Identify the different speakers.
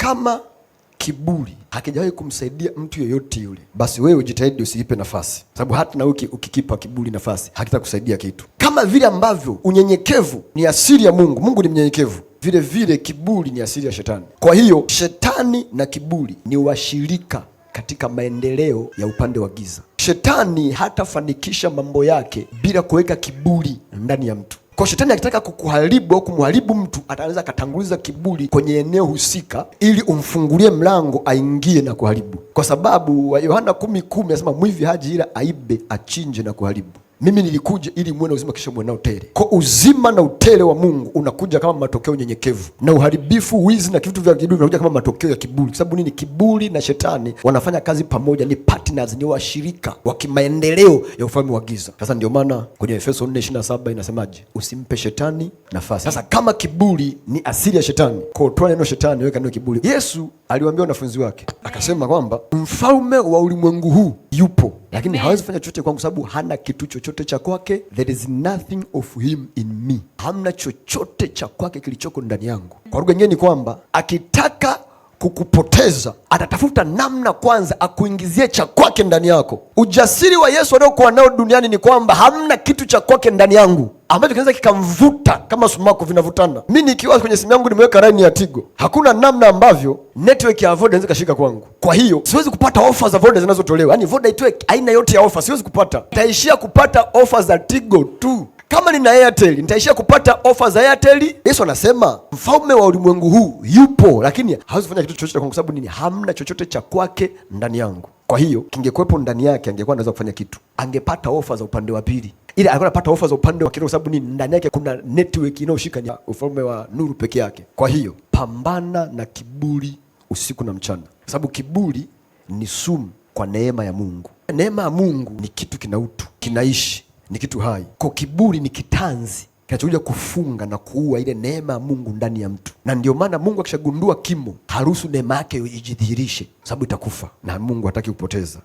Speaker 1: Kama kiburi hakijawahi kumsaidia mtu yeyote yule, basi wewe ujitahidi usiipe nafasi, sababu hata na uki ukikipa kiburi nafasi hakitakusaidia kitu. Kama vile ambavyo unyenyekevu ni asili ya Mungu, Mungu ni mnyenyekevu, vile vile kiburi ni asili ya Shetani. Kwa hiyo Shetani na kiburi ni washirika katika maendeleo ya upande wa giza. Shetani hatafanikisha mambo yake bila kuweka kiburi ndani ya mtu. Kwa shetani akitaka kukuharibu au kumharibu mtu, ataweza akatanguliza kiburi kwenye eneo husika, ili umfungulie mlango aingie na kuharibu, kwa sababu Yohana kumi kumi anasema mwivi haji ila aibe, achinje na kuharibu mimi nilikuja ili muwe na uzima kisha muwe nao tele. Kwa uzima na utele wa Mungu unakuja kama matokeo unyenyekevu, na uharibifu, wizi na vitu vya kidudu vinakuja kama matokeo ya kiburi. Kwa sababu nini? Kiburi na shetani wanafanya kazi pamoja, ni partners, ni washirika wa kimaendeleo ya ufalme wa giza. Sasa ndio maana kwenye Efeso 4:27 inasemaje? Usimpe shetani nafasi. Sasa kama kiburi ni asili ya shetani, kwa toa neno shetani, weka neno kiburi. Yesu aliwaambia wanafunzi wake akasema kwamba mfalme wa ulimwengu huu yupo lakini hawezi fanya chochote kwangu, sababu hana kitu chochote cha kwake. There is nothing of him in me, hamna chochote cha kwake kilichoko ndani yangu. Kwa lugha nyingine ni kwamba akitaka kukupoteza atatafuta namna kwanza akuingizie cha kwake ndani yako. Ujasiri wa Yesu aliokuwa nao duniani ni kwamba hamna kitu cha kwake ndani yangu ambacho kinaweza kikamvuta kama sumaku vinavutana. Mi nikiwa kwenye simu yangu nimeweka laini ya Tigo, hakuna namna ambavyo network ya Voda inaweza kashika kwangu. Kwa hiyo siwezi kupata ofa za Voda zinazotolewa, yaani Voda itoe aina yote ya ofa, siwezi kupata. Nitaishia kupata ofa za Tigo tu. Kama nina Airtel nitaishia kupata ofa za Airtel. Yesu anasema mfalme wa ulimwengu huu yupo, lakini hawezi kufanya kitu chochote kwangu. Sababu nini? Hamna chochote cha kwake ndani yangu. Kwa hiyo kingekuwepo ndani yake, angekuwa anaweza kufanya kitu, angepata ofa za upande wa pili ila alikuwa anapata ofa za upande wa kiroho, sababu ni Ndani yake kuna network inayoshika ni ufalme wa nuru peke yake. Kwa hiyo pambana na kiburi usiku na mchana, sababu kiburi ni sumu kwa neema ya Mungu. Neema ya Mungu ni kitu kina utu, kinaishi, ni kitu hai. Kwa kiburi ni kitanzi kinachokuja kufunga na kuua ile neema ya Mungu ndani ya mtu, na ndio maana Mungu akishagundua kimo haruhusu neema yake ijidhihirishe, sababu itakufa, na Mungu hataki kupoteza.